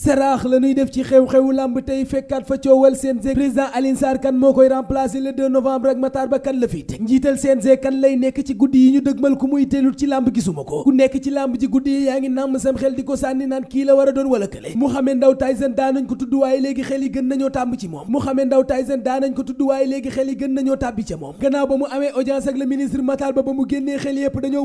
saraax la ñuy def ci xew-xewu làmb tey fekkaat fa coowal CNG président Alioune Sarr kan moo koy remplacer le 2 novembre ak Matar Ba kan la fiy teg njiital CNG kan lay nekk ci guddi yi ñu dëgmal ku muy teelut ci làmb gisuma ko ku nekk ci làmb ji guddi yi yaa ngi nàmm sam xel di ko sànni naan kii la war a doon wala kële Mouhamed Ndao Tyson daanañ ko tudd waaye léegi xel yi gën nañoo tàmb ci moom Mouhamed Ndao Tyson daanañ ko tudd waaye léegi xel yi gën nañoo tàbbi ca moom gannaaw ba mu amee audience ak le ministre Matar Ba ba mu génnee xel yépp dañoo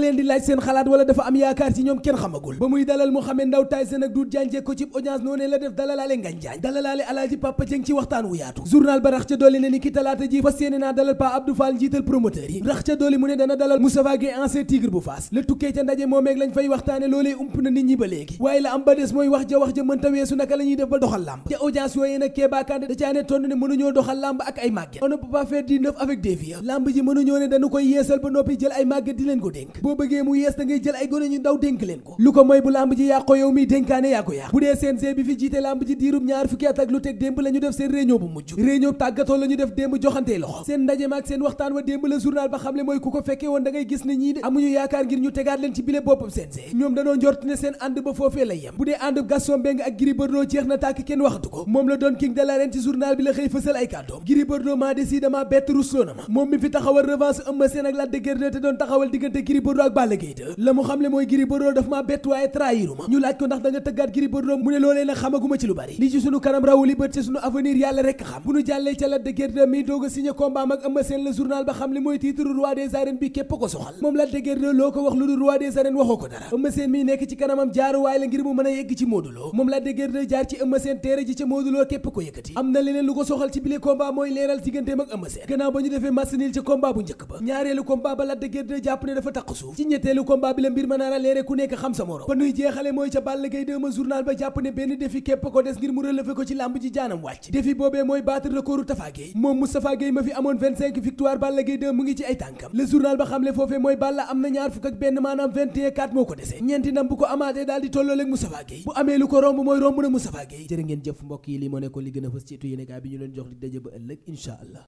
leen laaj seen xalaat wala dafa am yaakaar ci ñoom kenn xamagul ba muy dalal Mohamed Ndao Tyson ak Doudou la tukkee ca ndaje moomeeg lañ fay waxtaane loolee ump na nit ñi ba léegi waaye la am ba des mooy wax ja wax ja mënta weesu naka la ñuy def ba doxal làmb ca audience yooyu nag Kéba Kandé da caa ne tonn ne mënuñoo doxal làmb ak ay màgget on ne peut pas faire du neuf ji mënuñoo ne dañu koy yeesal ba noppi jël ay màgget di leen ko dénk boo bëggee mu yees da ngay jël ay gone ñu ndaw dénk leen ko lu ko mooy bu lamb ji yàqoo yow mi dénkaane yaa ko yàq bu dee CNG bi fi jiite lamb ji diirub ñaar fukki ak lu teg démb la ñu def seen réunion bu mujj réunion tàggatoo la ñu def démb joxantee loxo seen ndaje ma ak seen waxtaan wa démb la journal ba xamle mooy ku ko fekkee woon da ngay gis ne ñii de amuñu yaakaar ngir ñu tegaat leen ci bile boppam CNG ñoom danoo njort ne seen ànd ba foofee na tàkk kenn waxatu ko moom la doon king moom mi fi taxawal revanche Eumeu Sène ak Bordeaux la mu xamle mooy Gris Bordeaux daf maa bett waaye trahiruma ñu laaj ko ndax da tëggaat Gris Bordeaux mu ne loolee nag xamaguma ci lu bari li ci sunu kanam rawu li bët sunu avenir yàlla rekk xam bu ñu jàllee ca Lac de mi doog a signé combat ak Eumeu journal ba xam le mooy titre roi des arènes bi képp ko soxal moom Lac de loo ko wax lu dul roi des waxoo ko dara Eumeu mi nekk ci kanamam jaaruwaay la ngir mu mën a yegg suuf ci ñetteelu combat bi mbir ma nar a leere ku nekk xam sa morom fa nuy jeexale mooy ca Balla Gaye 2 ma journal ba jàpp ne benn défi képp ko des ngir mu relever ko ci ngi ci ay tànkam le journal ba xamle foofee mooy Balla am na ñaar fukk ak benn maanaam 21 moo ko desee ñeenti ndam bu ko amaatee daal di tolloo leeg Moustapha bu amee lu ko romb mooy romb na Moustapha Gueye jërë ngeen jëf mbokk yi li moo nekkoon li gën a fës ci tu bi ñu leen jox